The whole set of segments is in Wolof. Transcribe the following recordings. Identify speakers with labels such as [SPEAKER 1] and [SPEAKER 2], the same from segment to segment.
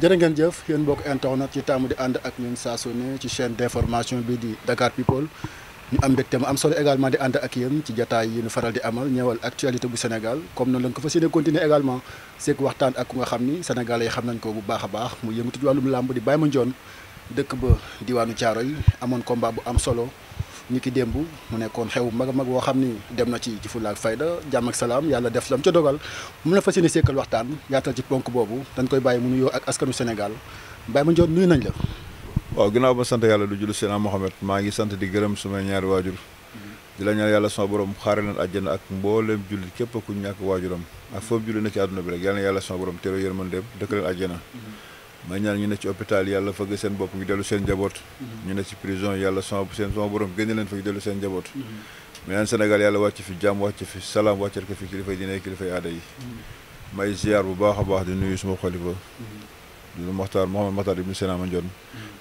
[SPEAKER 1] jërë ngeen jëf boo mbokk internet ci taamu di ànd ak ñun saa su ne ci chaîne d'information bi di Dakar People ñu am mbégte mu am solo également di ànd ak yéen ci jataay yi ñu faral di amal ñëwal actualité bu Sénégal comme noonu lañ ko fas yéene continuer également seeg waxtaan ak ku nga xam ni sénégalais yi xam nañ ko bu baax a baax mu yëngatu ci wàllum làmb di Baye Mandione dëkk ba diwaanu yi amoon combat bu am solo ñu ki démb mu nekkoon xew mag mag woo xam ni dem na ci ci fulla ak fayda jàmm ak salaam yàlla def lam ca dogal mu na fas yéene sekkal waxtaan yaatal ci ponk boobu dañ koy bàyyi mu nuyoo ak askanu Sénégal Baye Mandione nuyu nañ la.
[SPEAKER 2] waaw ginnaaw ba sant yàlla du julli Seydina Mohamed maa ngi sant di gërëm sumay ñaari waajur mm-hmm. di la yàlla sama borom xaare leen àjjana ak mboolem jullit képp ku ñàkk waajuram ak foofu julli na ci àdduna bi rek yàlla na yàlla sama borom teeroo yërmandeem dëkk leen àjjana mm-hmm. may ñaan ñu ne ci hôpital yàlla fëgg seen bopp ñu dellu seen njaboot. Mhm. ñu ne ci prison yàlla sama seen sama borom génne leen fa ñu dellu seen njaboot. Mhm. may ñaan Sénégal yàlla wàcc fi jàmm wàcc fi salaam wàccal ko fi kilifa diine kilifa aada yi. Mhm. may ziar bu baax a baax di nuyu suma xalifa. di nuyu Mokhtar Mouhamed Mokhtar ibnu Sena Mandione.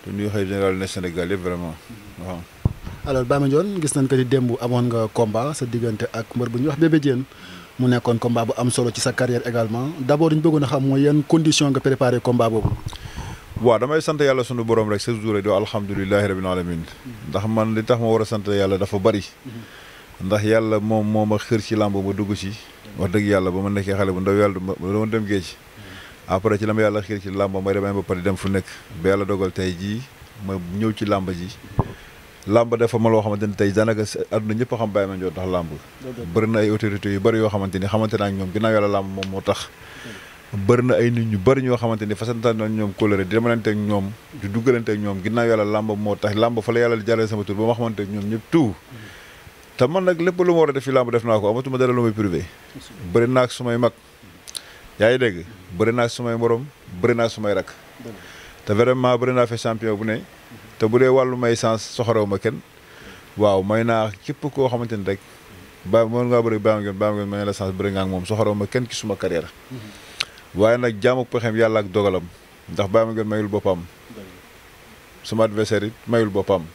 [SPEAKER 2] di nuyu xëy général ne Sénégal yëpp vraiment. waaw.
[SPEAKER 1] alors Baye Mandione gis nañ ko di démb amoon nga combat sa diggante ak mbër bu ñuy wax Bébé Diène. mu nekkoon combat bu am solo ci sa carrière également d' abord ñu bëggoon a xam mooy yan condition nga préparé combat
[SPEAKER 2] boobu. waaw damay sant yàlla sunu borom rek chaque jour rek doo alhamdulilahi rabbil alamin ndax man li tax ma war a sant yàlla dafa bari. ndax yàlla moom moo ma xër ci làmb ma dugg ci. wax dëgg yàlla ba ma nekkee xale bu ndaw yàlla dama dem géej. après ci la ma yàlla xër ci làmb may dem ba pare dem fu nekk. ba yàlla dogal tey jii ma ñëw ci làmb ji. làmb dafa ma loo xamante ni tey daanaka àdduna ñëpp a xam Baye Mandione tax làmb bëri na ay autorités yu bëri yoo xamante ni xamante naa ak ñoom ginnaaw yàlla làmb moom moo tax bëri na ay nit ñu bëri ñoo xamante ni fasantaan na ñoom kóllëre di demalante ak ñoom di duggalante ak ñoom ginnaaw yàlla làmb moo tax làmb fa la yàlla jaarale sama tur ba ma xamante ak ñoom ñëpp tout te man nag lépp lu ma war a def fi làmb def naa ko amatuma dara lu may privé bëri naa sumay mag yaa ngi dégg bëri naa ak sumay morom bëri naa ak sumay rak te bëri naa fi champion bu ne te bu dee wàllu may sens soxorew ma kenn waaw may naa képp koo xamante ni rek ba moo ngaa bëri baam ngeen baam ngeen may la sens bëri nga moom soxorew ma kenn ci suma carrière mm-hmm. waaye nag jaamu pexeem yàlla ak dogalam ndax baam ngeen mayul boppam suma adversaire it mayul boppam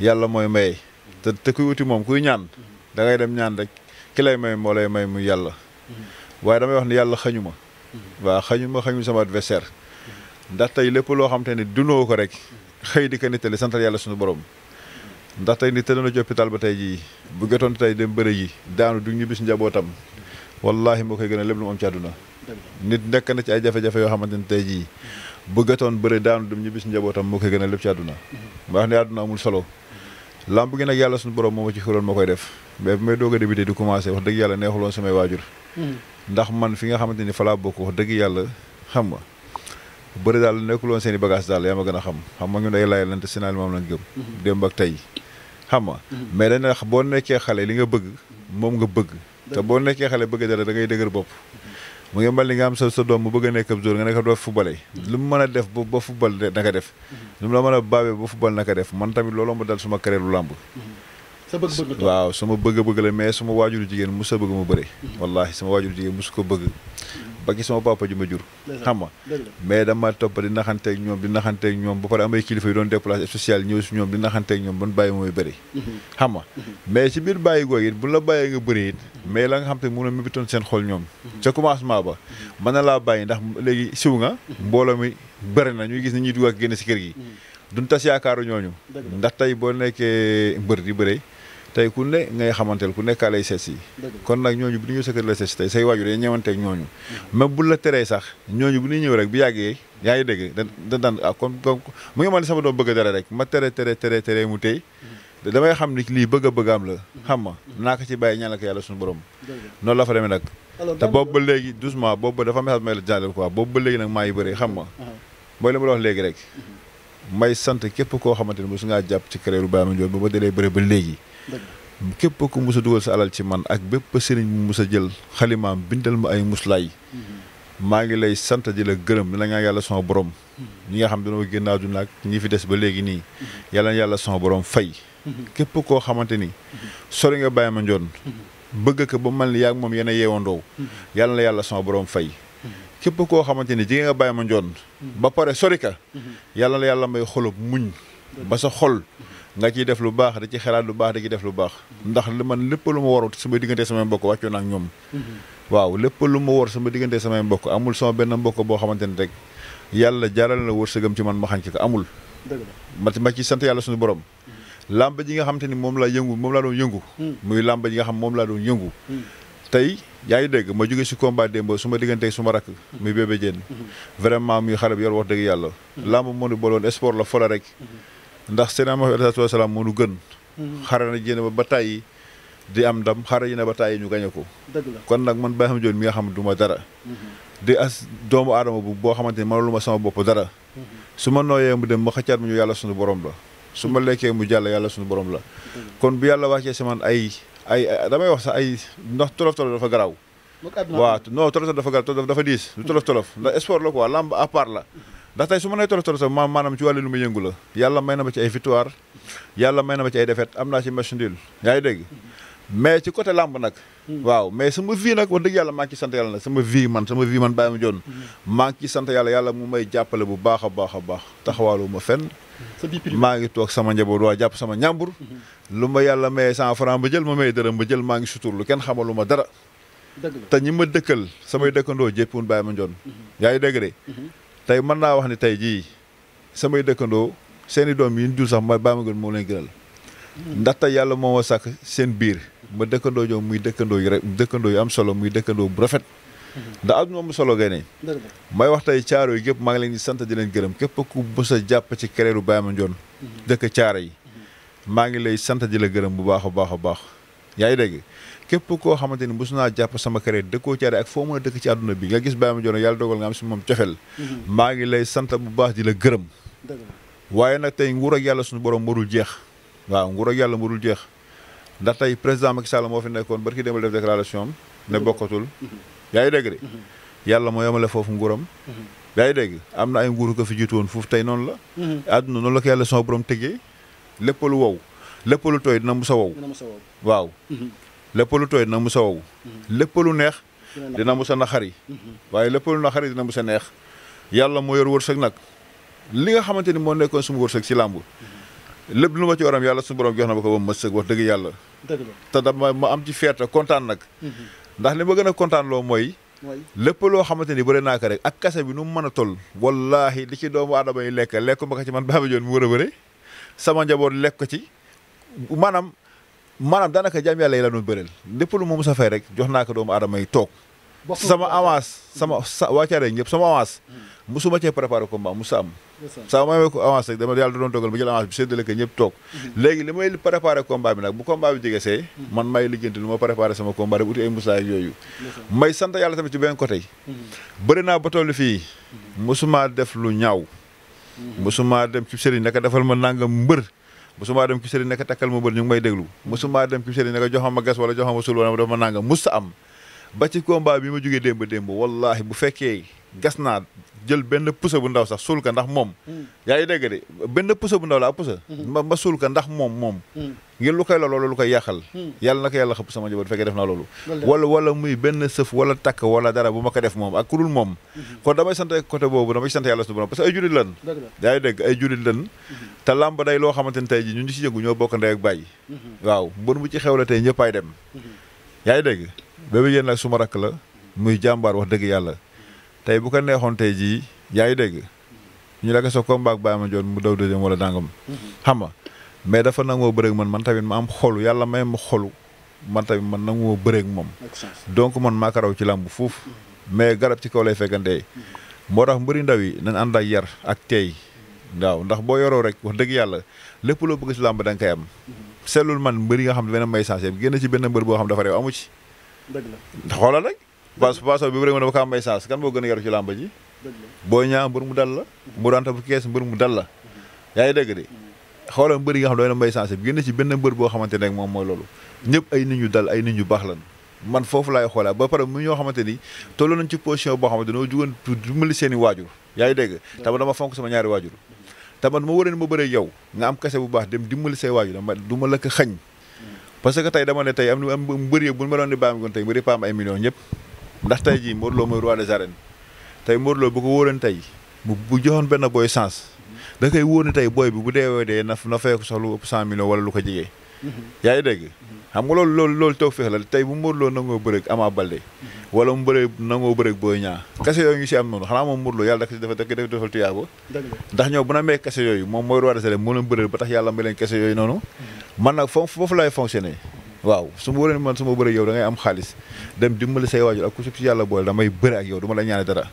[SPEAKER 2] yàlla mooy maye te te kuy wuti moom kuy ñaan mm-hmm. dangay dem ñaan rek ki lay may moo lay may mu yàlla mm-hmm. waaye damay wax ni yàlla xañu ma waaw xañu ma xañu sama adversaire ndax tey lépp loo xam te ne ko rek xëy di ko nettali santal yàlla suñu borom ndax tey ni tëdd na ci hôpital ba tey jii bëggatoon jotoon tey dem bëre yi daanu du ñu bis njabootam wallaahi moo koy gën a lépp lu mu ci àdduna nit nekk na ci ay jafe yoo xamante ni tey jii bu jotoon bëre daanu du njabootam moo koy gën a lépp ci ma wax ne àdduna amul solo lamb gi nag yàlla suñu borom moom ma ci xuloon moo koy def mais bi may doog a débuté di commencé wax dëgg yàlla neexuloon samay waajur hmm. ndax man fi nga xamante ni falaa bokk wax dëgg yàlla xam nga bari daal nekkul woon seen i daal yaa ma gën a xam xam ma ñu day lay lante si naal moom lañ gëm mhm. démb ak tey xam nga mhm. mais dañ wax boo nekkee xale li nga bëgg moom nga bëgg te boo nekkee xale bëgg dara da ngay dëgër bopp mhm. mu ngi mel nga am sa sa doom mu bëgg a nekk ab jour nga nekk doo fubale lu mu mën a def ba ba fubal naka def lu mu la mën a baabee ba fubal naka def man tamit looloo ma dal suma carrière lu làmb
[SPEAKER 1] sa bëgg-bëgg waaw
[SPEAKER 2] suma bëgg-bëgg la mais suma waajuru jigéen mu sa bëgg mu bëre wallaahi suma waajuru jigéen su ko bëgg ba gis sama papa ji ma jur xam nga mais dama topp di naxanteeg ñoom di naxanteeg ñoom ba pare amay kilifa yu doon déplacé social ñëw si ñoom di naxanteeg ñoom ban bàyyi mooy bëri mm-hmm. xam nga mm-hmm. mais si biir bàyyi googu bu la bàyyee nga bëri it mais la nga xam te mën a mébitoon seen xool ñoom mm-hmm. ca commencement ba mën na laa bàyyi ndax léegi siw nga mbooloo mi bëri na ñuy gis ni ñuy dugg ak génn si kër gi duñ tas yaakaaru ñooñu ndax tey boo nekkee mbër di bëre tey ku ne ngay xamanteel ku nekkaa lay seet si kon nag ñooñu bu ñu sa kër la seet si tey say waajur dañuy ñëwanteeg ñooñu mm-hmm. même bu la teree sax ñooñu bu ñuy ñëw rek bi yàggee yaa ngi dégg da daan ah comme mu ngi man sama doom bëgg dara rek ma tere tere tere tere mu tey mm-hmm. damay xam ni lii bëgg a am la mm-hmm. xam ma naa ko ci bàyyi ñaan ko yàlla suñu borom noonu la fa demee nag te boobu ba léegi doucement boobu ba dafa message may la jàllale quoi boobu ba léegi nag maa ngi bëree xam ma uh-huh. mooy li ma léegi rek may sant képp koo xamante ne mosu ngaa jàpp ci créeru Baye Mandione ba ba dalee bëri ba léegi képp ku mus a dugal sa alal ci man ak bépp sëriñ bu mus a jël xalimaam bindal ma ay muslaay maa ngi lay sant di la gërëm la nga yàlla sama borom ñi nga xam dañoo génn àdduna ak ñi fi des ba léegi nii yàlla na yàlla sama boroom fay képp koo xamante ni sori nga bàyyi ma njoon bëgg ko ba man yaa ak moom yéen a yeewandoo yàlla na yàlla sama boroom fay képp koo xamante ni jigéen nga bàyyi ma njoon ba pare sori ka yàlla na yàlla may xolub muñ ba xol nga ciy def lu baax da ci xalaat lu baax da ciy def lu baax ndax li man lépp lu ma waru sama diggante samay mbokk wàccoon ak ñoom mm-hmm. waaw lépp lu ma war sama diggante samay mbokk amul sama benn mbokk boo xamante ne rek yàlla jaral na wërsëgam ci man ma xañ ci ko amul ma ma ci sant yàlla suñu borom mm-hmm. làmb ji nga xam ni moom laa yëngu moom laa doon yëngu mm. muy làmb ji nga xam moom laa doon yëngu mm. tey yaa dégg ma jóge si combat démb suma ma suma su ma rakk mm-hmm. muy bébé jéen muy xale bi yor wax dëgg yàlla làmb moo ni booloon sport la fola rek ndax seen am alayhi salaam moo gën. Hmm. xare na jéene ba ba tàyyi di am ndam xare yi na ba tàyyi ñu gañe ko. kon nag man Baye Joon mi nga xam du ma dara. Hmm. di as doomu aadama bu boo xamante ni mënalu ma sama bopp dara. Hmm. su ma nooyee mu dem ma xëccaat mu ñu yàlla sunu borom la. su ma lekkee mu jàll yàlla sunu borom la. kon bu yàlla wàccee si man ay ay damay wax sax ay ndax tolof tolof dafa garaaw. waaw non tolof dafa gar dafa diis du tolof tolof ndax sport la quoi a à part la ndax tey su ma nee tolof tolof ma maanaam ci wàllu lu muy yëngu yàlla may na ma ci ay victoire yàlla may na ma ci ay défaite am naa ci match nul yaa ngi dégg mais ci côté lamb nag hmm. waaw mais sama vie nag wax dëgg yàlla maa ngi ciy sant yàlla nag sama vie man man bàyyi ma joon hmm. maa ngi ciy sant yàlla yàlla mu may jàppale bu baax a baax a baax taxawaalu ma fenn maa ngi toog sama njaboot waa jàpp sama ñàmbur
[SPEAKER 3] hmm.
[SPEAKER 2] lu ma yàlla mayee cent franc ba jël ma may dërëm ba jël maa ngi suturlu kenn xamalu ma dara te ñi ma dëkkal samay dëkkandoo jéppoon Baye Mandione mhm. yaa ngi dégg de mhm. tey mën naa wax ni tey jii samay dëkkandoo seeni doom yi ñu jur sax mooy Baye Mandione moo leen ndax mhm. ndaxte yàlla moo ma sàkk seen biir ma dëkkandoo ñoom muy dëkkandoo yu rek dëkkandoo yu am solo muy dëkkandoo bu rafet da am moom solo gay ne may wax tey caaro yi gépp maa ngi leen di sant di leen gërëm képp ku bës a jàpp ci kereeru Baye Mandione dëkk caaro yi maa ngi lay sant di la gërëm bu baax a baax a baax yaa ngi dégg képp koo xamante ni mosu naa jàpp sama créé dëkkoo caare ak foo mën a dëkk ci àdduna bi nga gis Baye Mandione yàlla dogal nga am si moom cofel mhm. maa ngi lay sant bu baax di la gërëm waaye nag tey nguur ak yàlla suñu borom warul jeex waaw nguur ak yàlla jeex ndax tey président Macky Sall moo fi nekkoon barki démb def déclaration am ne bokkatul mhm. yaa ngi dégg de mhm. yàlla moo yemale foofu nguuram yaa ngi dégg am na ay nguur ko fi jiitu woon foofu tey noonu la àdduna noonu la ko yàlla sama lu wow lépp lu tooy dina musa lépp lu tooy dina mus a wow mm-hmm. lépp lu neex dina mus a xari mm-hmm. waaye lépp lu naxari dina mus a neex yàlla moo yor wërsëg nag li nga xamante ni moo nekkoon suma wërsëg ci làmb mm-hmm. lépp lu ma ci waram yàlla suñu borom jox na ma ko ba mu mës sëg wax dëgg yàlla te dama ma am ci fierté kontaan nag ndax li ma gën a kontaan loo mooy lépp loo xamante ni bëri naa ko rek ak kase bi nu mu mën a toll wallaahi li ci doomu aadama yi lekk lekk ma ko ci man baaba joon mu war a bëre sama njaboot lekk ci maanaam daanaka jaam yàlla yi la doon bëreel lépp lu ma mos a fay rek jox naa ko doomu aadama yi toog. sama avance sama sa waa Thiaré ñëpp sama avance. Hmm. musuma cee préparé combat musa am. saa ma ko avance rek dama yàlla dogal ma jël avance bi séddale ñëpp toog. Hmm. léegi li may préparé combat bi nag bu combat bi jege see. Hmm. man may lijjanti lu ma préparé sama combat rek uti ay musa yooyu. may sant yàlla tamit ci benn côté. bëri naa ba tollu fii. musuma def lu ñaaw. musuma dem ci sëriñ naka defal ma nangam mbër. musumaa dem ci sëriñ nekk takkal ma bër ñu ngi may déglu musumaa dem ci sëriñ nekk joxam ma gas wala joxam ma sul wala dafa ma nangam mus sa am ba ci combat bi ma jógee démb démb wallahi bu fekkee gas naa jël benn pusa bu ndaw sax suul ka ndax moom mm. yaa ngi dégg de benn pusa bu ndaw laa pusa mm. ma ma suul ka ndax moom moom mm. ngir lu koy la loolu lu koy yàqal yal na ko yàlla xëpp sama njaboot bu fekkee def naa loolu wala wala muy benn sëf wala takk wala dara bu ma ko def moom ak ku dul moom mm-hmm. kon damay sant côté boobu damay sant yàlla suñu borom parce que ay jullit lan yaa ngi dégg ay jullit lan mm-hmm. te làmb day loo xamante ne tey ji ñun ñu si yëngu ñoo bokk ndey ak mm-hmm. waaw mbon bu ci xew la tey ñëpp ay dem yaa ngi dégg Bébé Diène nag suma ma rakk la muy jàmbaar wax dëgg yàlla tey bu ko neexoon tey jii yaa ngi dégg ñu la ko sa combat ak Baye Mandione mu daw deuxième wala dàngam. xam nga mais dafa nangoo bëreeg man man tamit ma am xolu yàlla may ma xolu man tamit man nangoo bëreek moom. donc man maa raw ci làmb foofu. mais garab ci kaw lay fekkantee. moo tax mbëri ndaw yi nañ ànd ak yar ak teey waaw ndax boo yoroo rek wax dëgg yàlla lépp loo bëgg si làmb da koy am. seetlul man mbër yi nga xam ne benn mbay saase génn ci benn mbër boo xam dafa réew amu ci xoolal rek parce que pasol bi rek dafa ka mbay saas kan boo gën a yaru ci làmba boo ñaa mbër mu dal la mu ranta bu kees mbër mu dal la yaa ngi dégg de mm-hmm. xoolal mbër yi nga xam ne doy na mbay saase génn ci benn mbër boo xamante ne moom mooy loolu ñëpp ay nit ñu dal ay nit ñu baax lan man foofu laay xoolaa ba pare mu ñoo xamante ni tollu nañ ci position boo xamante noo jugoon dimbali seen i waajur yaa ngi dégg te dama sama ñaari waajur te man ma wóoree ma bëree yow nga am kese bu baax dem dimbali say waaju dama du ma la ko xañ parce que tey dama ne tey am am mbëri bu ñu ma doon di baam goon tey mbëri paam ay millions ñëpp ndax tey jii Modou Lo mooy roi des arènes tey Modou Lo bu ko wóoroon tey bu bu joxoon benn booy sens da koy wóor ne tey booy bi bu deewee dee na na fekk sax lu ëpp wala lu ko jege yaa ngi dégg xam nga loolu loolu loolu tawfeex la tey bu Modou Lo nangoo bëreeg Ama Baldé wala mu bëre nangoo bëreeg boo Niang kase yooyu ngi si am noonu xanaa moom Modou Lo yàlla daf si dafa daf defal tuyaaba ndax ñoo bu na mee kase moom mooy roi moo leen bëre ba tax yàlla may leen kase yooyu noonu man nag foofu foofu lay fonctionné waaw su ma wóoree man su ma bëree yow da ngay am xaalis dem dimbali say waajur ak ku ci yàlla boole damay bëri ak yow du ma la ñaane dara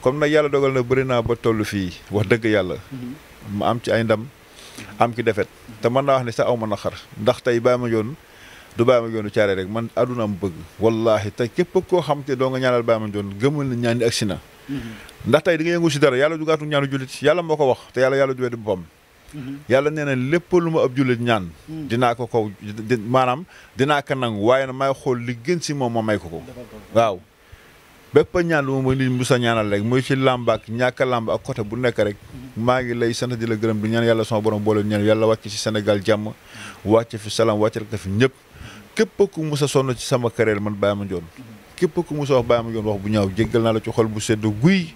[SPEAKER 2] comme nag yàlla dogal na bëri naa ba toll fii wax dëgg yàlla mhm. ma am ci ay ndam am ki defet te man naa wax ne sa aw ma xar ndax tey bàyyi ma yoon du bàyyi ma yoonu caare rek man àdduna am bëgg wallaahi te képp koo xam te doo nga ñaanal bàyyi ma joon gëmal na ñaan si na ndax tey di nga yëngu si dara yàlla jugaatu ñaanu jullit yàlla moo ko wax te yàlla yàlla juwee di boppam
[SPEAKER 3] mm-hmm.
[SPEAKER 2] yàlla nee na lu ma ab jullit ñaan mm. dinaa ko ko maanaam dinaa ko nangu waaye na maay xool li gën si moom ma may ko ko waaw bépp ñaan lu ma nit musa ñaanal rek muy ci làmb ak ñàkk làmb ak côté bu nekk rek maa ngi lay sant di la gërëm di ñaan yàlla sama borom boole ñaan yàlla wàcc ci Sénégal jàmm wàcc fi salaam wàcc ko fi ñëpp képp ku musa sonn ci sama carrière man ma Mandione képp ku musa wax Baye Mandione wax bu ñaaw jéggal naa la ci xol bu sedd guy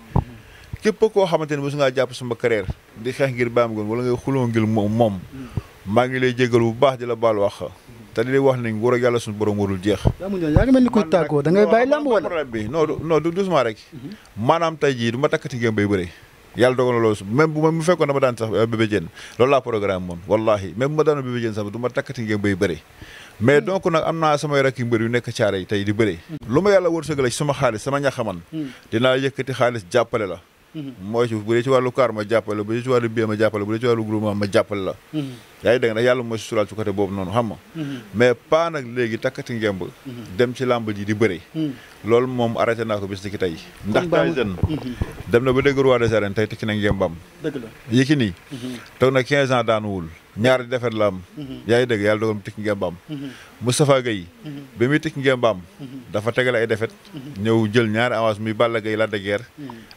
[SPEAKER 2] képp koo xamante ne musu ngaa jàpp sama carrière di xeex ngir Baye Mandione wala ngay xuloo ngir moom moom maa ngi lay jéggal bu baax di la baal wax te di wax nañ war a yàlla suñu borom warul jeex.
[SPEAKER 1] yaa mel ni kuy tàggoo
[SPEAKER 2] da ngay bàyyi lamb wala bi non non du doucement rek. Mhm. maanaam tey jii duma takkati ngeen bay bëre. yàlla dogal na loolu su même bu ma bu fekkoon dama daan sax euh, bébé Diène loolu laa programme moom wallahi même bu ma daanoo bébé Diène takkati ngeen bay bëre. mais mhm. donc nag am naa samay rakki mbër yu nekk caare yi tey di bëre. Mhm. lu ma yàlla wërsëgal ci sama xaalis sama ñaxaman dinaa yëkkati xaalis jàppale la Mm-hmm. mooy suuf bu dee ci wàllu kaar ma jàppale bu dee ci wàllu biir ma jàppale bu dee ci wàllu groupement la mm-hmm. yaa ngi dégg nag yàlla mooy suturaal ci côté boobu noonu xam nga mm-hmm. mais pas nag léegi takkati ngemb dem ci làmb ji di bëri loolu moom arrêté naa ko bis ni ki tey ndax Tyson dem na ba dégg roi des arènes tey tekki na ngembam dëgg la Yékini toog na quinze ans daanuwul ñaari defet lamb am mhm. yaa ngi dégg yàlla dogal mu tëkk ngembaam mhm. Moustapha Gueye mhm. ba muy tëkk ngembaam dafa tegale ay defet ñëw jël ñaari avance muy Balla Gaye la de guerre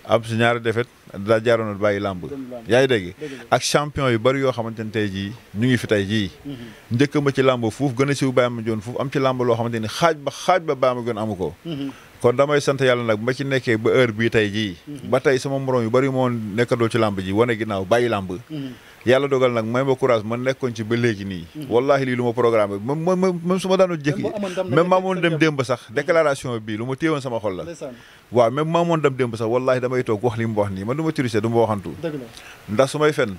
[SPEAKER 2] am si ñaari defet daa jaaroon na bàyyi làmb yaa dégg ak champion yu bari yoo xamante ne tey jii ñu ngi fi tey jii njëkk ma ci làmb foofu gën a siw bàyyi ma joon foofu am ci làmb loo xamante ni xaaj ba xaaj ba bàyyi ma joon amu ko kon damay sant yàlla nag ma ci nekkee ba heure bii tey jii ba tey sama morom yu bari moo nekkandoo ci làmb ji wane ginnaaw bàyyi làmb yàlla dogal nag may ma courage man nekkoon ci ba léegi nii mm-hmm. wallahi lii lu ma programme bi ma ma même su ma daanoon jëkk yi même maamoon dem démb sax bi lu ma téewoon sama xol la waaw même maamoon dem démb sax wallahi damay toog wax li mu wax nii man du ma tricher du ma waxantu ndax su may fen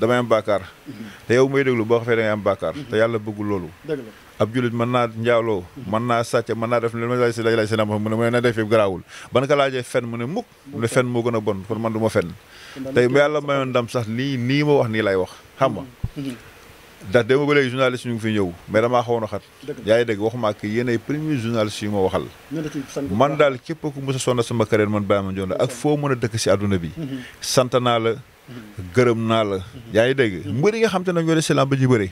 [SPEAKER 2] damay am bàkkaar
[SPEAKER 3] mm-hmm.
[SPEAKER 2] te yow may déglu boo xafee da ngay am bàkkaar mm-hmm. te yàlla bëggul loolu ab julit man naa njaaloo man naa sàcc mën naa def lu naa mu ne mu ne na def yëpp garaawul ban ka laajee fen mu ne mukk mu ne fen moo gën a bon kon man du ma fen tey yàlla mayoon ndam sax nii ma wax nii lay wax xam nga ndax démb ba léegi journaliste ñu ngi fi ñëw mais damaa xawoon a xat yaa ngi dégg waxuma ak yéen ay premier journaliste yu ma waxal man daal képp ku mos a sonna sama carrière man Baye Mandione la ak foo mën a dëkk si àdduna bi mhm. sant naa la mhm. gërëm naa la mhm. yaa ngi dégg mbir yi nga xam te nañ ñoo de si lamb ji bëri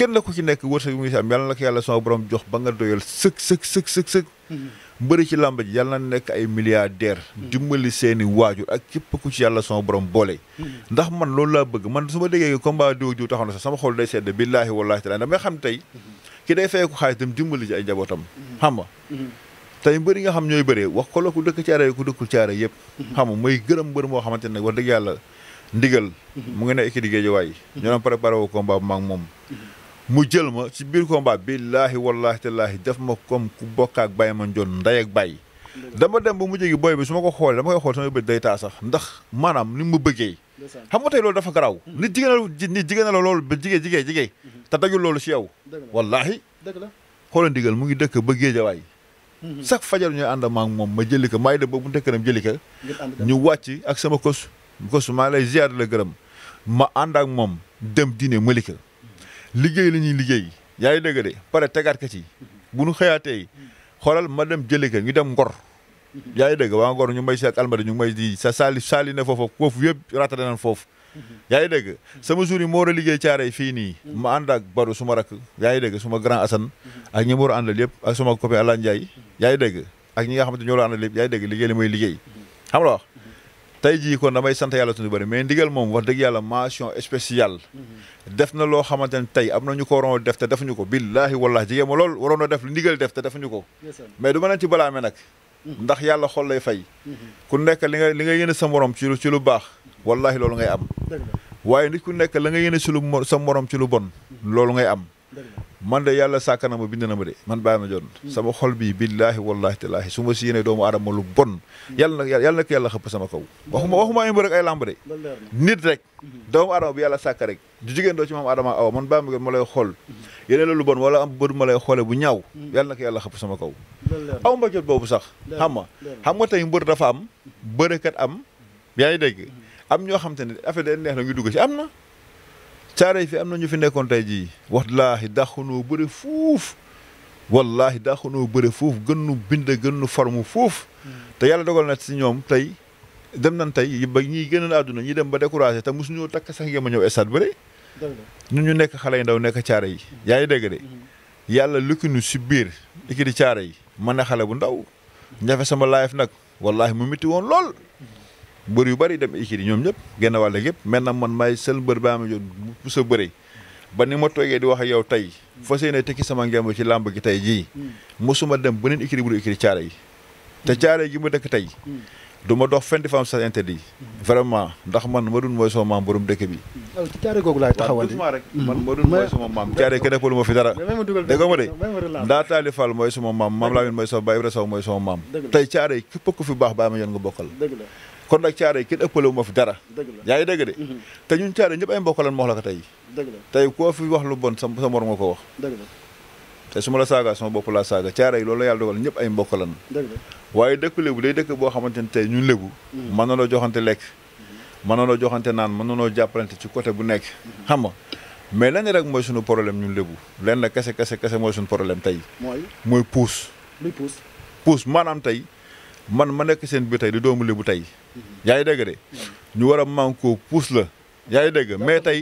[SPEAKER 2] kenn la ku ci nekk wërsëg muy am yàlla na ko yàlla sama borom jox ba nga doyal sëg sëg sëg sëg sëg mm-hmm. mbëri ci làmb ji yàlla na nekk ay milliardaire mm-hmm. dimbali seeni waajur ak képp ku ci yàlla sama borom boole mm-hmm. ndax man loolu laa bëgg man su ma déggee combat diw jiw taxaw na sax sama xool day sedd billaahi wallaahi taala damay xam tey ki day fay ko xaalis dem dimbali ci ay njabootam xam nga tey mbëri nga xam ñooy bëree wax ko la ku dëkk caare ku dëkkul caare yëpp xam nga gërëm mbër moo xamante ne wax dëgg yàlla ndigal mu ngi ne équipe di géejawaay ñoo moom mu jël ma si biir combat billaahi wallaahi tallaahi def ma comme ku bokk ak bàyyi ma njoon nday ak bàyyi dama dem ba mu gi booy bi su ma ko xoolee dama koy xool sama bët day taa sax ndax maanaam ni mu bëggee xam nga tey loolu dafa garaaw nit jigéen la nit jigéen la loolu ba jigéen jigéen jigéen mhm. te dajul loolu si yow wallaahi xoolal ndigal mu ngi dëkk ba géejawaay mhm. chaque fajar ñooy ànd maa moom ma jëli ko maay dem ba bu tekkanam jëli ko ñu wàcc ak sama kos kos maa lay ziar la gërëm ma ànd ak moom dem dine malika liggéey la ñuy liggéey yaa ngi dégg de pare tegaat ka ci bu nu xëyaatee xoolal ma dem jëli ka ñu dem Ngor. yaa ngi dégg waa Ngor ñu may si ak Almadi ñu may di sa saali saali ne foofu foofu yëpp rata nañ foofu. yaa ngi dégg sama jour yi moo war a liggéey caare fii nii. ma ànd ak Badou suma rakk yaa ngi dégg suma grand Assane. ak ñu moo war a àndal yëpp ak suma copain Alla Ndiaye. yaa dégg ak ñi nga xam xamante ñoo la àndal yëpp yaay dégg liggéey li mooy liggéey tey jii kon damay sant yàlla suñu bëri mais ndigal moom wax dëgg yàlla mention spéciale mhm. def na loo xamante ne tey am na ñu ko waroon def te defuñu ko billaahi wallaahi jigéen ma loolu waroon def lu ndigal def te defuñu ko mais du ma leen ci balaame nag mhm. ndax yàlla xool lay fay mhm. ku nekk li nga li nga yéene sa moroom ci ci lu baax wallaahi loolu ngay am waaye nit ku nekk la nga yéene si lu sa moroom ci lu bon loolu ngay am man de yàlla sàkk na ma bind na ma de man bàyyi ma joon hmm. sama xol bii billaahi wallaahi tallaahi su ma si yéene doomu aadama lu bon hmm. yàlla na yàlla na ko yàlla xëpp sama kaw hmm. waxuma waxuma ay mbër ak ay lamb de nit rek yàlla sàkk rek jigéen doo ci maam aadama awa man ma joon ma lay xool yéene la lu bon wala am bët ma lay xoole bu ñaaw yàlla na ko yàlla xëpp sama kaw aw jot boobu sax xam ma xam nga tey mbër dafa am bërëkat am yaa ngi dégg am ñoo xam te ne affaire day neex na dugg ci am na caare fi am na ñu fi nekkoon tey jii wallaahi dàqunoo bëre fuuf wallaahi dàqunoo bëre fuuf gën nu bind gën nu formu fuuf. te yàlla dogal na si ñoom tey dem nañ tey ba ñiy gën a àdduna ñi dem ba découragé te mosu ñoo takk sax ngeen ma ñëw stade bëre. nu ñu nekk xale yi ndaw nekk caare yi. yaa ngi de mhm. yàlla lëkkinu si biir di caare yi. mën ne xale bu ndaw. ñafe sama life nag wallaahi mu métti woon lool. mbër yu bëri dem écurie ñoom ñëpp genn wàll yëpp maintenant man maay sel mbër ba ma jot bu sa bëree ba ni ma toogee di wax ak yow tey fas yéene tekki sama ngemb ci làmb gi tey jii hmm. mosuma dem beneen écurie bu dul écurie caare yi te caare gi ma dëkk tey hmm. du ma dox fenn di fa am sax interdit hmm. vraiment ndax man Madoune mooy sama maam borom dëkk bi. waaw oh, ci caare googu laay taxawal rek man Madoune mooy sama maam kenn ëppalu fi dara dégg ma de ndaa Taali mooy sama maam maam Lamine mooy sama baay Ibra mooy sama maam tey caare képp ku fi baax baa ma yoon nga bokkal kon nag caare kenn ëppale wu ma fi dara yaa ngi dégg de mhm. te ñun caare ñëpp ay mbokk moo wax la ko tey tey koo fi wax lu bon sa sa mor nga ko wax te su ma la saaga sama bopp laa saaga caare yi loolu la yàlla dogal ñëpp ay mbokk waaye dëkk lébu day dëkk boo xamante ne tey ñun lébu mhm. mën na la joxante lekk mhm. mën na la joxante naan mën na jàppalante ci côté bu nekk xam nga mais lenn rek mooy sunu problème ñun lébu lenn kese kese kese mooy suñu problème tey mooy puus luy puus puus maanaam tey man ma nekk seen bi tey di doomu bu tey yaa ngi dégg de ñu war a manko puus la yaa ngi dégg mais tey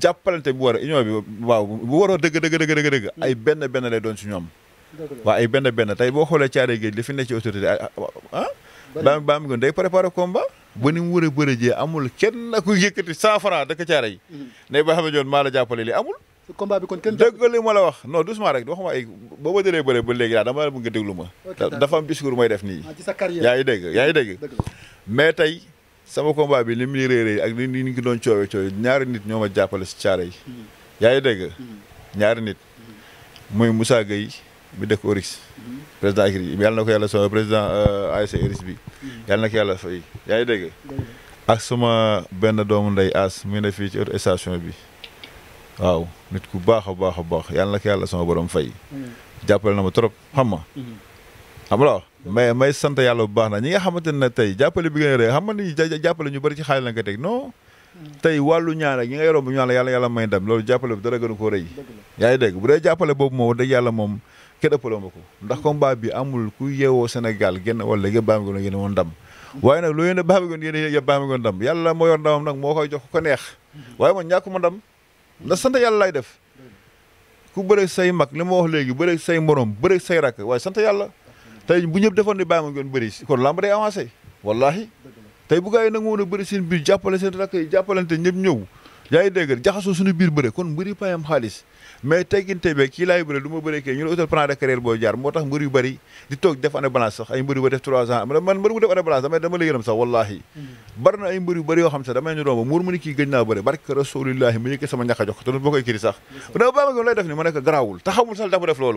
[SPEAKER 2] jàppalante bi war a union bi waaw bu waroo dëgg dëgg dëgg dëgg dëgg ay benn benn lay doon si ñoom waaw ay benn benn tey boo xoolee caare géej li fi nekk ci autorité ah baam baam gën day préparé combat ba ni mu war a bërëjee amul kenn ku yëkkati cent franc dëkk caare yi mm-hmm. ne ba xam ne ñoon maa la jàppale li amul su combat bi kon ma la wax non doucement rek waxuma ay ba ma dalee bëre ba léegi daal dama la bëgg nga déglu ma dafa am discours mooy def nii ah, ci sa carrière yaa ngi dégg yaa ngi dégg mais tey sama combat bi li muy réeré ak li ñu ngi doon coowee coowee ñaari nit ñoo ma jàppale si caare hmm. yaa ngi dégg hmm. ñaari nit hmm. muy Moussa Gueye bi dëkk Orix président Agri président euh, ASC Orix bi yàlla na yàlla fay yaa ngi dégg ak sama benn doomu ndey As mu ne fii ci auto station bi waaw nit ku baax a baax a baax yàlla na ko yàlla sama borom fay. Mm. jàppale na ma trop xam ma. Mm-hmm. xam nga may may sant yàlla bu baax na ñi nga xamante ne tey jàppale bi nga ne xam nga ni jàppale ñu bari ci xaalis a nga teg non. Mm. tey wàllu ñaan ak ñi nga yoroon bu ñu naan yàlla yàlla may ndam loolu jàppale bi dara gënu koo rëy. yaa ngi dégg bu dee jàppale boobu moom wax yàlla moom kenn ëppaloo ma ko. ndax combat bi amul ku yeewoo Sénégal génn wala yëpp baax na yéen a ndam. Mm-hmm. waaye nag lu yéen a baax na yéen a yëpp baax na ndam yàlla moo yor ndamam nag moo koy jox ko neex mm-hmm. waaye man ñàkkuma ndam ndax sant yàlla laay def ku bëreeg say mag li ma wax léegi bëreeg say morom bëreeg say rakk waaye sant yàlla tey bu ñëpp defoon ni bàyyi ma ngeen bëri kon làmb day avancé wallaahi tey bu gaa yi nangu woon a bëri seen biir jàppale seen rakk yi jàppalante ñëpp ñëw yaa ngi dégg jaxasoo suñu biir bëre kon mbëri payam xaalis mais tegginte beeg kii laay bëre du ma bëree kii ñu de carrière boo jaar moo tax mbër yu di toog def année balance sax ay mbër yu ba def mm. bari yoo xam sax damay ñu doom muur mu ni kii gëj naa bëre barke rasulillahi mu sama ñàkk a jox te boo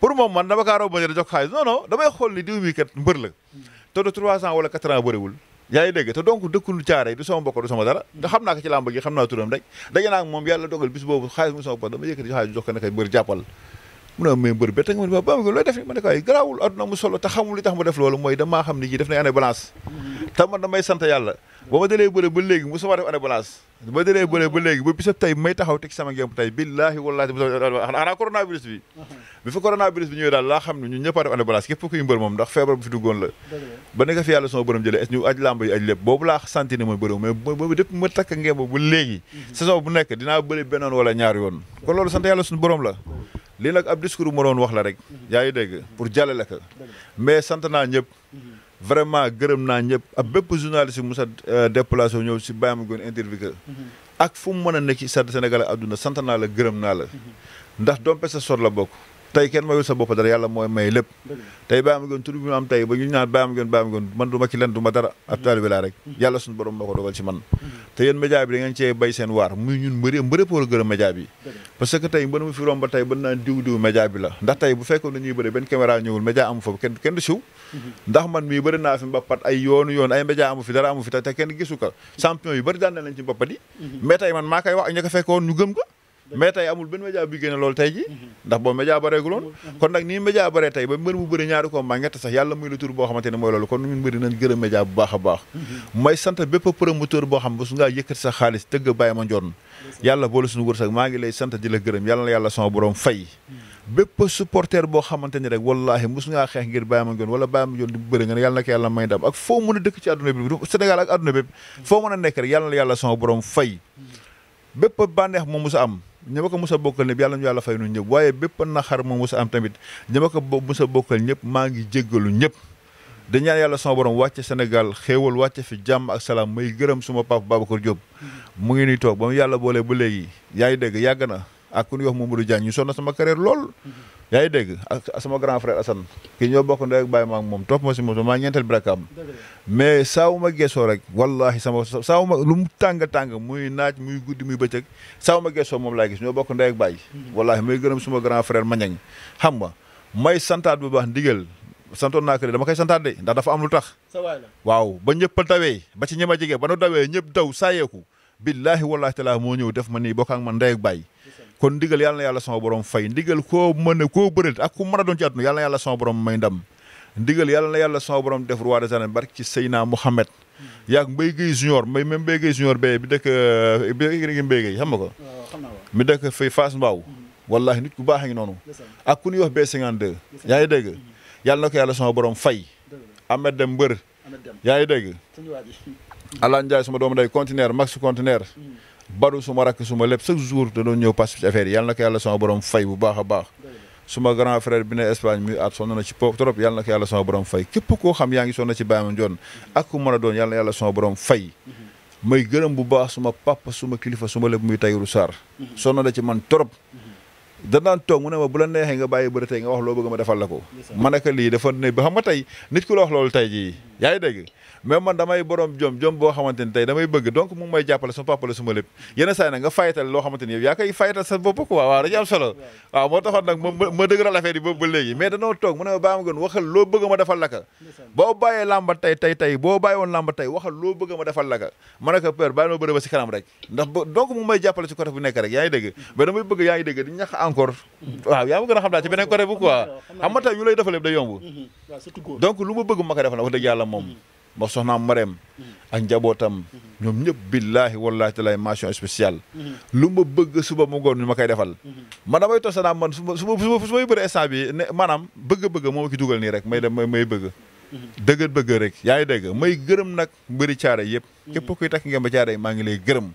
[SPEAKER 2] koy ma man dama kaa rob ma jox xaalis non non damay xool ni diw bi kat mbër la mm. te de 3 yaa ngi dégg te donc dëkkul caare du sama mbokk du sama dara te xam naa ko ci làmb gi xam naa turam rek daje naa moom yàlla dogal bis boobu xaalis mu sama bopp dama yëkkati xaalis jox ko ne ne ma mbër mooy damaa xam ni kii def na année balance mm-hmm. te man damay sant yàlla ba ma dalee bëre ba léegi mu sama def année balance ba dëree bëre ba léegi ba bisab tey may taxaw teg sama ngemb tey billaahi wallaahi xanaa coronavirus bi bi fa coronavirus bi ñëwee daal laa xam ne ñu ñëpp a def ana balaas képp kuy mbër moom ndax feebar bu fi duggoon la ba nekk fi yàlla sama borom jëlee aj làmb yi aj lépp boobu laa senti ne mooy bëri mais boobu depuis ma takk ngemb ba léegi mhm. saison bu nekk dinaa bëri bennoon wala ñaar yoon kon loolu sant yàlla suñu borom la lii nag ab discours moo vraiment gërëm naa ñëpp a bépp journaliste yi musa euh, déplacé ñëw si bàyyi ma goon interview mm-hmm. ak fu mu mën a nekk ci Sénégal àdduna sant naa la gërëm naa la mm-hmm. ndax dompe sa sor la bokk tey kenn mayul sa bopp dara yàlla mooy may lépp tey bàyyi gën tur mu am tey ba ñu naan bàyyi gën bàyyi gën man du ma ci du ma dara ab mm-hmm. taalibe laa rek mm-hmm. yàlla suñu borom moo ko dogal ci man mm-hmm. te yéen média bi da ngeen cee bay diw diw média bi ndax tey bu fekkoon dañuy ñu gëm ko mais tey amul benn média bi génne loolu tey ji ndax boobu média bareeguloon kon nag nii média baree tey ba mbër mu bëri ñaari combat ñett sax yàlla muy la tur boo xamante ne mooy loolu kon ñun mbëri nañ gërëm média bu baax a baax may sant bépp promoteur boo xam ba su ngaa yëkkati sa xaalis dëgg bàyyi ma njoon yàlla boole suñu maa ngi lay sant di la gërëm yàlla na yàlla sama borom fay bépp boo xamante ni rek wallahi mus ngaa xeex ngir ma njoon wala bàyyi ma njoon di bëri nga ne yàlla na ko yàlla may ndam ak foo mën a dëkk ci àdduna bi Sénégal ak àdduna bépp foo mën a nekk rek yàlla na yàlla sama borom fay bépp bànneex moom musa am ñi ko mos a bokkal ñëpp yàlla ñu yàlla fay nu ñëpp waaye bépp naxar moom mos a am tamit ñi ma ko mos a bokkal ñëpp maa ngi jéggalu ñëpp di yàlla sama boroom wàcce Sénégal xéewal wàcce fi jàmm ak salaam may gërëm suma papa Babacar Diop mu ngi nuy toog ba mu yàlla boolee ba léegi yaa ngi dégg yàgg na ak ku ñuy wax Mamadou Diagne ñu sonn sama carrière lool. yaa ngi dégg ak sama grand frère Assane. ki ñoo bokk ndey ak bàyyi ma moom topp ma si moom maa ñeenteel brakaam mais saawu ma geesoo rek wallahi sama saawu ma lu mu tàng tàng muy naaj muy guddi muy bëccëg saawu ma geesoo moom laay gis ñoo bokk ndey bàyyi. wallahi may gërëm suma grand frère Mañañ xam nga may santaat bu baax ndigal. santoon naa dama koy santaat de ndax dafa am lu tax. waaw ba ñëpp tawee dawee ba ci ñi ma jege ba nu dawee ñëpp daw saayeeku billaahi wallaahi taalaa moo ñëw def ma ni bokk ak man ndey ak bàyyi kon ndigal yàlla na yàlla sama borom fay ndigal koo mën a koo bëreet ak ku mën a doon ci àdduna yàlla na yàlla sama borom may ndam ndigal yàlla na yàlla sama borom def roi des arènes barke ci Seyna Mohamed yaag Mbaye Guèye junior mbay même Mbaye Guèye junior bee bi dëkk bi Mbaye Guèye xam nga ko mi dek fay Fass Mbaaw wallahi nit ku baax ngi noonu ak ku ñuy wax B52 yaa ngi dégg yàlla na ko yàlla sama borom fay Ahmed Alane Ndiaye suma doomu day conteneur max conteneur baru suma rakk suma lépp chaque jour da doon ñëw passe ci affaire yi yàlla na ko yàlla sama bu baax a baax suma grand frère bi ne Espagne muy aat sonn na ci po trop yàlla na ko yàlla sama borom fay képp koo xam yaa ngi sonn ci bàyyamam joon ak ku man a doon yàlla na yàlla sama borom fay may gërëm bu baax suma papa suma kilifa suma lépp muy Tayru Sarr mhm. sonn na ci man trop danaan toog mu ne ma bu la neexee nga bàyyi bëri tey nga wax loo bëgg ma defal la ko ma ne ko lii dafa ne ba xam nga tey nit ku la wax loolu tey jii yaa ngi dégg mais man damay borom jom jom boo xamante ni tey damay bëgg donc mu ngi may jàppale suma papa la suma lépp yenn saa yi nag nga fayital loo xamante ni yow yaa koy fayital sa bopp quoi waaw dañu am solo waaw moo taxoon nag ma ma dëgëral affaire yi boobu ba léegi mais danoo toog mu ne ma baa ma gën waxal loo bëgg ma defal la ka boo bàyyee làmba tey tey tey boo bàyyi woon làmba tey waxal loo bëgg ma defal la ka ma ne ko père bàyyi ma bëri ba si kanam rek ndax donc mu ngi may jàppale si côté bu nekk rek yaa ngi dégg mm-hmm. mais damay bëgg yaa ngi dégg di ñax encore waaw yaa ma gën a xam daal ci beneen côté bu quoi xam nga tey yu lay defalee day yomb donc lu ma bëgg ma ko defal wax dëgg yàlla moom ma soxnaam Marème ak njabootam ñoom ñëpp billaahi wallaahi talaay mention spéciale lu ma bëgg suba mu ngoon ñu ma koy defal ma na tos naa man su ma su ma su may bëri instant bi ne maanaam bëgg-bëgg moo ma ci nii rek may dem may bëgg dëgg bëgg rek yaa ngi dégg may gërëm nag mbëri caare yëpp képp kuy takk ngeen ba yi maa ngi lay gërëm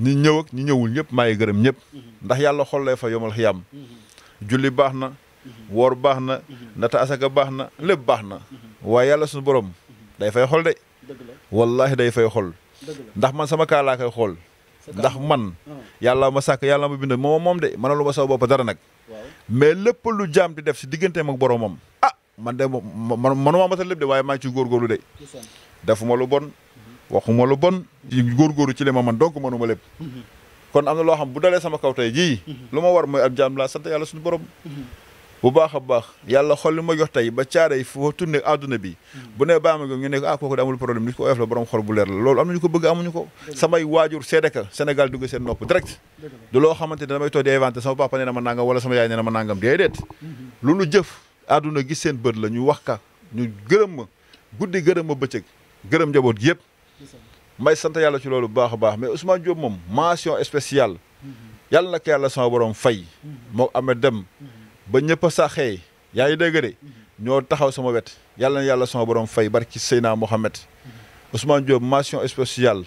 [SPEAKER 2] ñi ñëw ak ñi ñëwul ñëpp maa ngi gërëm ñëpp mm-hmm. ndax yàlla xol lay fa yomal xiyam mm-hmm. julli baax na mm-hmm. woor baax na nata asaka baax na lépp baax na waaye yàlla suñu borom day fay xol de wallaahi day fay xol ndax man sama kaa laa koy xool ndax man ah. yàlla ma sàkk yàlla ma bind moom moom de mëna lu ma saw bopp dara nag mais lépp lu jaam di def si digganteem ak boromam ah man de manuma matal lépp de waaye maa ngi ci góorgóorlu de defuma lu bon waxuma lu bon góor ci li ma man ma nu ma lépp kon am la loo xam bu dalee sama kaw tey jii lu ma war mooy ab jaam laa sant yàlla suñu borom bu baax a baax yàlla xool li ma jox tey ba caare yi tu tourné àdduna bi bu ne baa ma ñu ne ah kooku da amul problème nit ko bu leer la loolu am nañu ko bëgg amuñu ko samay waajur seede ka Sénégal dugg seen nopp direct du loo xamante ne damay toog di inventé sama papa nee na ma nangam wala sama yaay nee ma nangam déedéet mhm. lu nu jëf àdduna gis seen bët la ñu wax ka ñu gërëm ma guddi gërëm ma bëccëg gërëm njaboot gi yëpp may sant yàlla ci loolu bu baax a baax mais Ousmane Diop moom mention spéciale yàlla na ko yàlla sama boroom fay moo amee dem ba ñëpp saxee yaa ngi dégg de ñoo taxaw sama wet yàlla na yàlla sama borom fay barki Seyna Mohamed Ousmane Diop mention spéciale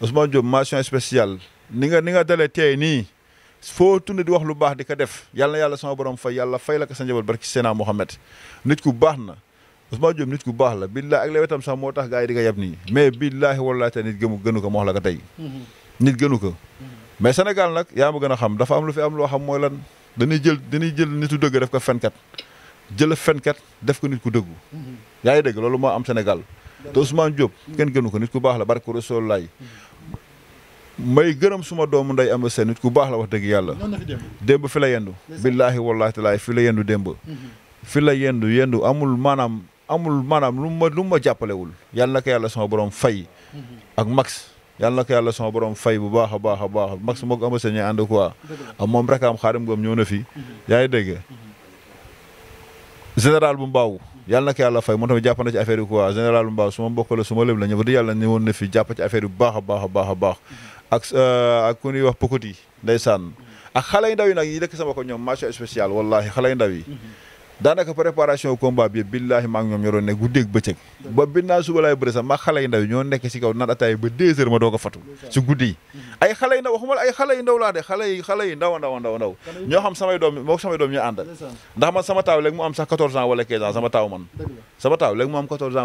[SPEAKER 2] Ousmane Diop mention spéciale ni nga ni nga dalee tey nii foo tund di wax lu baax di ko def yàlla na yàlla sama borom fay yàlla fay la ko sa njaboot barki Seyna Mohamed nit ku baax Ousmane Diop nit ku baax la billaay ak tam sax moo tax gars yi di ko yab nii mais billaahi wallaahi te nit gëmu gënu ko moo la ko tey mhm. nit gënu ko mhm. mais Sénégal nag yaa ma gën a xam dafa am lu fi am loo xam mooy lan dañuy jël dañuy jël nitu dëgg def ko fenkat jël fenkat def ko nit ku dëggu mhm. yaa ngi dëgg loolu moo am Sénégal te Ousmane Diop kenn gënu ko nit ku baax la barke Rasuul laay may gërëm suma doomu nday am seen nit ku baax la wax dëgg yàlla démb fi la yendu billaahi wallaahi la yendu démb fi la yendu yendu amul maanaam amul maanaam lu ma lu ma jàppalewul yàlla na ko yàlla sama fay ak max yàlla na ko yàlla sama borom fay bu baax a baax a baax max moog ama sañe ànd quoi ak moom rek am xaarim ngoom ñëw na fi yaa ngi dégg bu mbaaw yàlla na ko yàlla jàpp na ci affaire yi quoi général bu mbaaw su ma la yàlla ne woon na fi jàpp ci affaire a baax a a baax ak euh, ak ku ñuy wax Pokoti yu ndaw yi nag yi dëkk sama ko ñoom mention spéciale wallahi xale yu ndaw yi daanaka préparation combat bi billaahi maa ngi ñoom ñoo doon nekk bëccëg ba bi suba laay bëri sax maa ndaw yi nekk si kaw naan ataay ba deux heures ma doog mu am sax 14 ans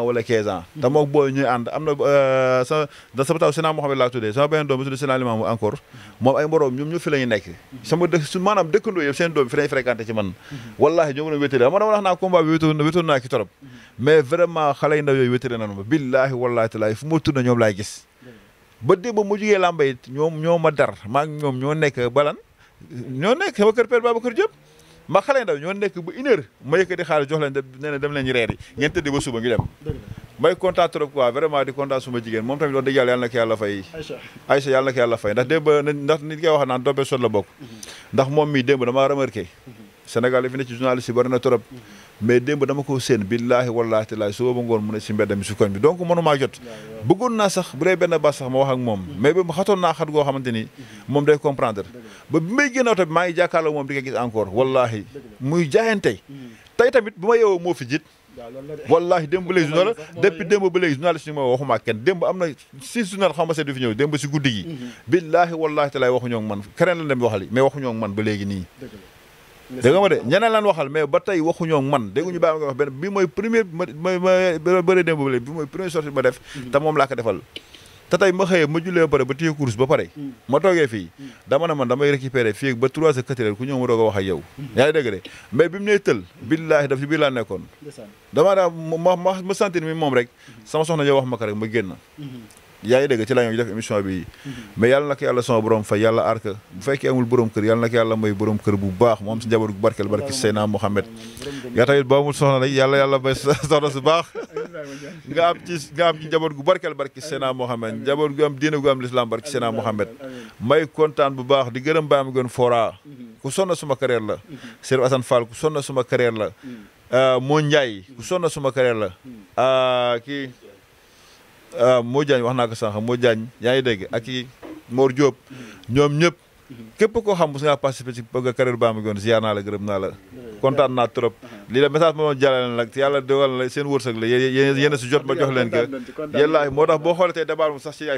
[SPEAKER 2] wala 15 booy ñuy ànd am na euh, sama taaw Sénat Mohamed laa tuddee sama benn seen doom fi lañ fréquenté ci man wallaahi ñoo mën a dama dama wax naa combat bi wétoon wétoon naa ci torop mais vraiment xale yu ndaw yooyu wétale nañu fu ma tourné ñoom laay gis ba démb ba mu jugee làmba it ñoom ñoo ma dar maa ngi ñoom ñoo nekk balan ñoo nekk sama kër Père ma xale ndaw ñoo nekk ba une ma yëkkati xaalis jox leen de nee na dem leen ñu reer yi ngeen tëddee ba suba ngi dem may kontaan trop quoi vraiment di kontaan suma jigéen moom tamit wax dëgg yàlla yàlla na ko yàlla fay Aïcha yàlla na ko yàlla fay ndax démb ndax nit koy wax naan dobe sot la bokk mm-hmm. ndax moom mii démb dama Sénégal li fi ne ci bari na trop mais démb dama ko seen billaahi wallaahi tallaahi suba ba ngoon mu ne si mbedd mi si koñ bi donc mënu maa jot bëggoon naa sax bu dee benn bas sax ma wax moom mais ba xatoon naa xat goo xamante ni moom day comprendre ba bi may génn oto bi maa ngi jàkkaarloo moom di nga gis encore wallaahi muy jaayante tey tamit bu ma yeewoo moo fi jiit wallaahi démb ba léegi journal depuis démb ba léegi journaliste ma waxuma kenn démb am na si journal xam ma seet du fi ñëw démb si guddi gi mhm. billaahi wallaahi tallaahi waxuñoo ak man keneen la dem waxali mais man ba léegi nii dégg nga ma de ñeneen lan waxal mais ba tey waxuñoo man dégguñu baax nga wax benn bi mooy premier ma ma bëri démb bi bi mooy premier sortie ma def mm-hmm. te moom laa ko defal te tey ma xëyee ma jullee ba pare ba téye course ba pare mm-hmm. ma toogee fii mm-hmm. dama ne man damay récupérer fii ba trois heures quatre heures ku ñëw ma doog a wax ak yow yaa ngi dégg de mais bi mu nee tël billaahi daf ci biir laa nekkoon dama daa ma ma ma sentir mi moom rek sama soxna ñoo wax ma ko rek ma génn yaa ngi dégg ci laa ñu def émission bi mm-hmm. mais yàlla na ko yàlla sama borom fay yàlla aar ko bu fekkee amul borom kër yàlla na ko yàlla may borom kër bu baax moom si njaboot gu barkeel barki Seyna Mohamed yaa tamit boo may soxna su baax nga am ci nga am ci njaboot gu barkeel barki Seyna Mohamed njaboot gu am diine gu am lislaam barki Seyna Mohamed may kontaan bu baax di gërëm baam gën fora mm-hmm. ku sonna suma carrière la mm-hmm. Serigne Assane Fall ku sonna suma carrière la mm. euh, moo Ndiaye ku sonna suma carrière la mm. euh, Ah, moo jaañ wax naa ko sànq moo jaañ yaa ngi dégg ak i Mor Diop ñoom ñëpp mhm. képp koo xam mos ngaa participé ci bëgg a carrière Bamba Gueye ziar naa la gërëm naa la kontaan naa trop mhm. lii la message moom jàllale nag yàlla dogal na seen wërsëg la yéen a si jot ma jox leen que yàllaahi moo tax boo xoolee tey débat mu sax ci euh,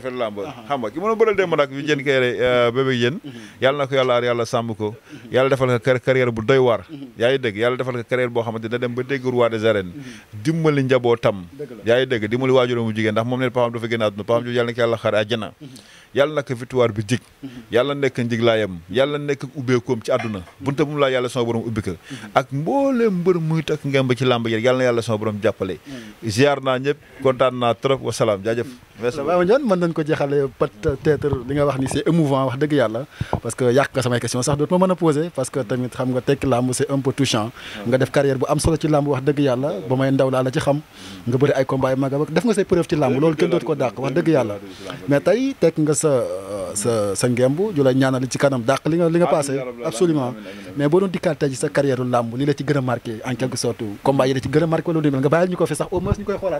[SPEAKER 2] yàlla defal ko carrière bu doy waar yaa ngi dégg yàlla defal ko carrière boo xamante da dem ba dégg roi des arènes dimbali njabootam yaa ngi dégg dimbali waajuram mu jigéen ndax moom ne paxam dafa génn àdduna paxam jo yàlla na ko yàlla xaar àjjana yàlla na ko bi dig yàlla nekk njiglaayam yàlla nekk ubbeekoom ci àdduna bunta bu mu laa yàlla sama borom ubbi ko ak mbooleem mbër mbër muy takk ngemb ci làmb jàppale. Mm. ziar naa ñëpp kontaan naa trop wasalaam jaajëf. Mm. merci
[SPEAKER 1] waaw Ndione ko jeexale peut-être li nga wax ni c'est émouvant wax dëgg yàlla parce que yàq nga samay question sax doot ma mën a poser parce que tamit xam nga tekki làmb c'est un peu touchant mm. nga def carrière bu am solo ci làmb loolu kenn doot ko dàq wax dëgg yàlla mais tey tekk nga sa sa sa ngemb ju ci kanam dàq li nga li absolument mais boo doon dikkaat a en quelque sorte combat yi da ci a marqué wala lu mel nga bàyyil ñu ma a
[SPEAKER 2] ma mhm.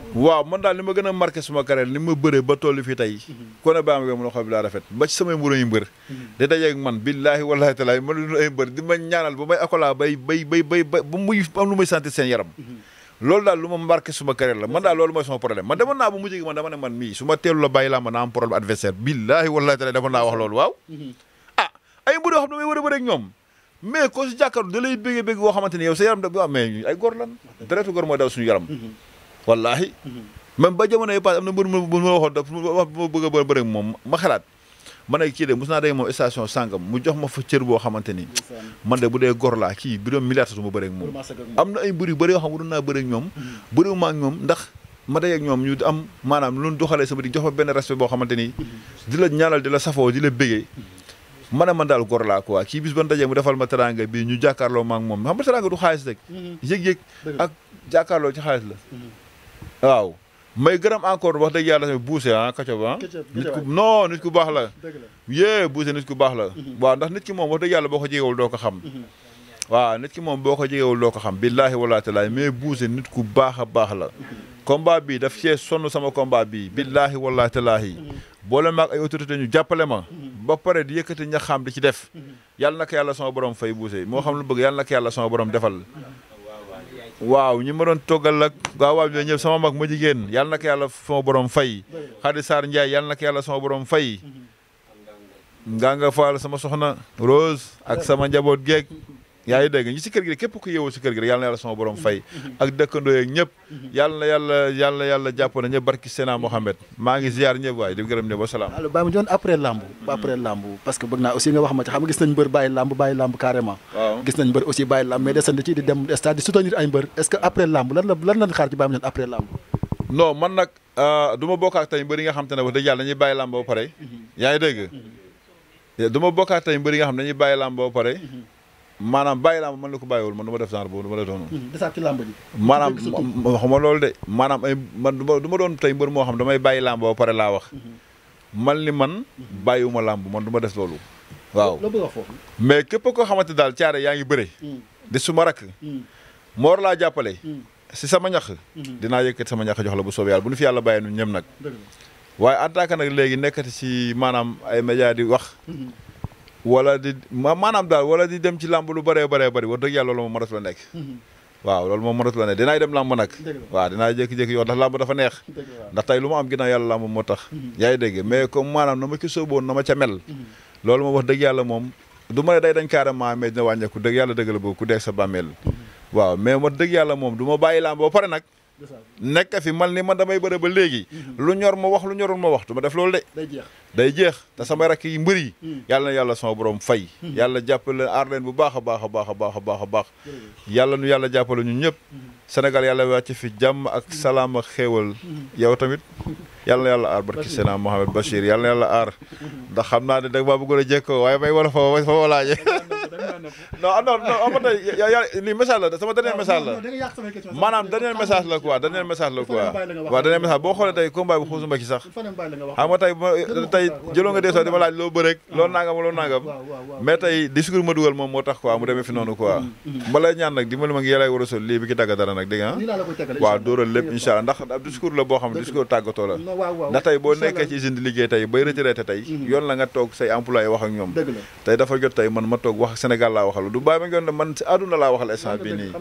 [SPEAKER 2] ma mën a da dajeeg man dama ne man mii su teelu la bàyyi laa ma naa am problème adversaire billaahi wallaahi taalaa dama naa wax loolu waaw mhm. ah ay mbër xam ne may war a bëre ñoom mais ko si jàkkaarloo da lay bëggee bëgg boo xamante ne yow sa yaram da mais ay gor lan mm-hmm. deretu góor mooy daw suñu yaram mm-hmm. wallaahi mm-hmm. même ba jamono yi paase am na mbër mu ma waxoon da ma bëgg a bëri moom ma ma ne kii de mos naa dégg moom station sàngam mu jox ma fa cër boo xamante ni man de bu dee gor laa kii bi doon milliard su ma bëri ak moom am na ay mbër yu bëri yoo xam naa bëri ak ñoom bëriwu ma ndax ma day ñoom ñu am maanaam lu doxalee sama di jox ma benn respect boo xamante ni di la ñaanal di la safoo di la bëggee man a man daal gor laa quoi kii bis ban dajee mu defal ma teranga bi ñu jàkkaarloo ma ak moom xam nga teranga du xaalis rek mm-hmm. yëg-yëg ak jàkkaarloo ci xaalis la mm-hmm. waaw may gërëm encore wax dëgg yàlla tamit buuse ah kaco ah. ba nit ku non nit ku baax la yée buuse nit ku baax la mm-hmm. waaw ndax nit ki moom wax dëgg yàlla boo ko jegewul doo ko xam waaw nit ki moom boo ko jegewul doo ko xam billaahi walaatalaay mais buuse nit ku baax a baax la combat bi daf cee sonn sama combat bi mm. billaahi wallaahi talaahi mm. boole maag ay autorité ñu jàppale ma mm. ba pare di yëkkati xam di ci def yàlla na yàlla sama borom fay buuse moo xam lu bëgg yàlla na ko yàlla sama boroom defal waaw ñi ma doon toggal ak waa sama mag ma jigéen yàlla na ko yàlla fay Khady Sarr Ndiaye yàlla na ko yàlla sama borom fay ngaa mm-hmm. nga faal sama soxna Rose ak sama njaboot geeg yaa ngi dégg ñi si kër gi képp ku yeewoo si kër gi rek yàlla na yàlla sama borom fay ak dëkkandoo yeeg ñëpp mhm. yàlla yàlla yàlla yàlla jàpp barki Seena Mohamed maa ngi ziar ñëpp waaye di gërëm ñëpp wasalaam
[SPEAKER 1] alors bàyyi ma joon après lamb après mhm. lamb parce que bëgg naa aussi nga wax ma ci xam nga gis nañ mbër bàyyi lamb bàyyi lamb carrément
[SPEAKER 2] waaw la man nag du ma bokk nga xam te ne wax dëgg bàyyi lamb ba pare yaa ngi dégg du ma bokk ak tey mbër yi nga xam ne maanaam bàyyi làmb man la ko bàyyiwul man du ma def genre boobu du ma def noonu. Hmm, desaat ci làmb ji. maanaam waxuma loolu de maanaam ay man du ma du ma doon tey mbër moo xam damay bàyyi làmb ba pare laa wax. Hmm. man li man hmm. bàyyiwuma làmb man du ma def loolu. waaw mais képp koo xamante daal caare yaa ngi bëre. di suma rakk. moor laa jàppale. si sama ñax. dinaa yëkkat sama ñax jox la bu soobee yàlla bu nu fi yàlla bàyyee nu ñëm nag. waaye attaque nag léegi nekkati si maanaam ay média di wax. wala di maanaam daal wala di dem ci làmb lu bëree bëree bëri wax dëgg yàlla loolu moom mënatu la nekk mhm. waaw loolu moom mënatu la nekk dinaay dem làmb nag waaw dinaa jékki-jékki yoon ndax làmb dafa neex ndax tey lu ma am ginnaaw yàlla làmb moo tax mhm. yaa ngi dégg mais maanaam na ma ci sóoboon na ma ca mel mhm. loolu moom wax dëgg yàlla moom du ma ne day dañ carrément mais dina wàññeeku dëgg yàlla dëgg la boobu ku dee sa bàmmeel waaw mais wax dëgg yàlla moom du ma bàyyi làmb ba pare nag nekk fi man ni ma damay bëre ba léegi mhm. lu ñor ma wax lu ñorul ma waxtu ma def loolu de day jeex day jeex te samay rakk yi mbër mhm. yàlla na yàlla sama borom fay mhm. yàlla jàppale aar leen bu baax a baax a baax a baax a baax a baax yàlla nu yàlla jàppale ñun ñëpp Sénégal yàlla wàcc fi jàmm ak salaam ak xéewal yow tamit yàlla na yàlla aar barki Seydina Mohamed Bachir yàlla na yàlla aar ndax xam naa ne dag maa bëggoon a jekkoo waaye may wala fa fa non non non am na lii message la la maanaam dernier message la quoi dernier message loo bërek ah. loolu nangam loolu moo tax quoi mu demee noonu quoi mm, mm, mm. a sol lii bi ndax ab la boo xam ne tàggatoo la ndax tey boo nekkee ci usine di liggéey tey bay retraité tey mm-hmm. yoon la nga toog say employé wax ak ñoom tey dafa jot tey man ma toog wax Sénégal laa waxal du bàyyi ma ngoon ne man si àdduna laa waxal instant bii nii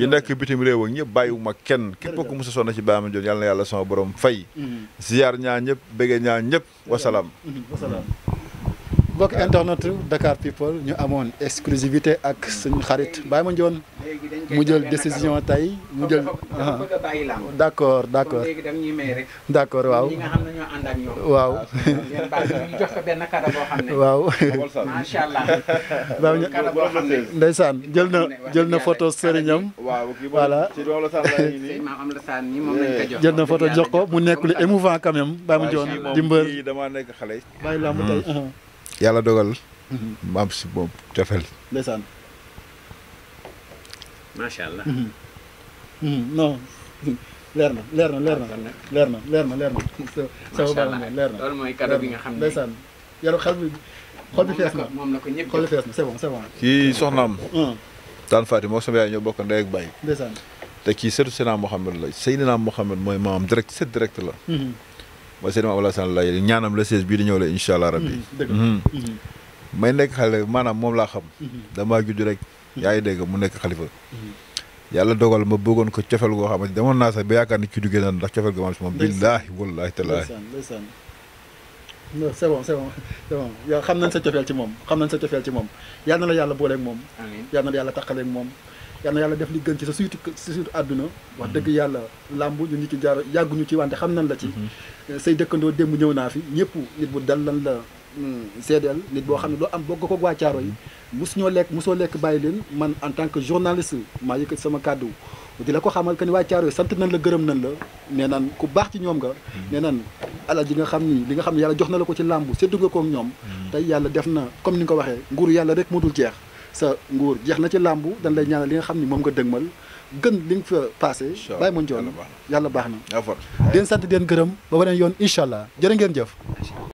[SPEAKER 2] yu nekk bitim réew ak ñëpp bàyyiwuma kenn képp ku mos a sonna ci bàyyi ma joon yàlla na yàlla sama borom fay mm-hmm. ziyaar ñaa ñëpp bëgge ñaa ñëpp wasalaam
[SPEAKER 1] mbokk internet Dakar People ñu amoon exclusivité ak suñu xarit Baye Mandione mu jël décision tey mu jël d' accord d' accord d' accord waaw waaw
[SPEAKER 2] waaw waaw
[SPEAKER 1] ndeysaan jël na jël na photo sëriñam
[SPEAKER 2] voilà jël na photo jox ko mu nekk lu émouvant quand même Baye Mandione di yàlla dogal. mu mhm. am si moom cofeel. ndeysaan. macha allah. Mhm.
[SPEAKER 1] Mhm. non leer na leer na leer na leer na leer na leer na. macha allah loolu mooy cadeau bi nga xam ne ndeysaan yaru xel bi xol bi fees na moom la ko ñëpp xol bi fees na c'est bon c'est bon.
[SPEAKER 2] kii soxnaam. Mm. daan Fatou moo sama yaay ñoo bokk ndey ak baay. ndeysaan te kii sëtu Seydina Mohamed la Seydina Mohamed mooy maam direct c'est direct la. mooy Seydina Maam Alassane Laye ñaanam la seize bii di ñëw la incha allah rabbi mm-hmm. mm-hmm. Mm-hmm. may nekk xale maanaam moom laa xam damaa judd rek yaa ngi dégg mu nekk xalifa yàlla dogal ma bëggoon ko cofel goo xamante demoon naa sax ba yaakaar ni ci duggee na ndax cofel goo xam si moom billaahi wallaahi tallaahi
[SPEAKER 1] c'est bon xam nañ sa cofeel ci moom xam nañ sa cofeel ci moom yal na la yàlla booleeg moom yal na la yàlla taqaleeg moom yal na yàlla def li gën ci sa suitu sa suitu àdduna wax dëgg yàlla làmb ñu ngi ci jaar yàgguñu ci wante xam nan la ci mhm. say dëkkandoo démb ñëw naa fi ñëpp nit bu dal lan la hmm, seedeel nit boo xam ne doo am bokk ko waa Caaro yi mus mhm. ñoo lekk soo lekk bàyyi leen man en tant que journaliste maa yëkkati sama kàddu di la ko xamal que ne waa Caaro yi sant nañ la gërëm nañ la ne naan ku baax ci ñoom nga mhm. nee naan alal ji nga xam ni li nga xam ne yàlla jox na la ko ci làmb séddu nga ko ak ñoom tey yàlla def na comme ni nga ko waxee nguuru yàlla rek mu jeex sa nguur jeex na ci làmbu dañ lay ñaanal li nga xam ni moom nga dëgmal gën li nga fa passé bàyyi ma njoon yàlla baax na den sant den gërëm ba beneen yoon incha allah jërë ngeen jëf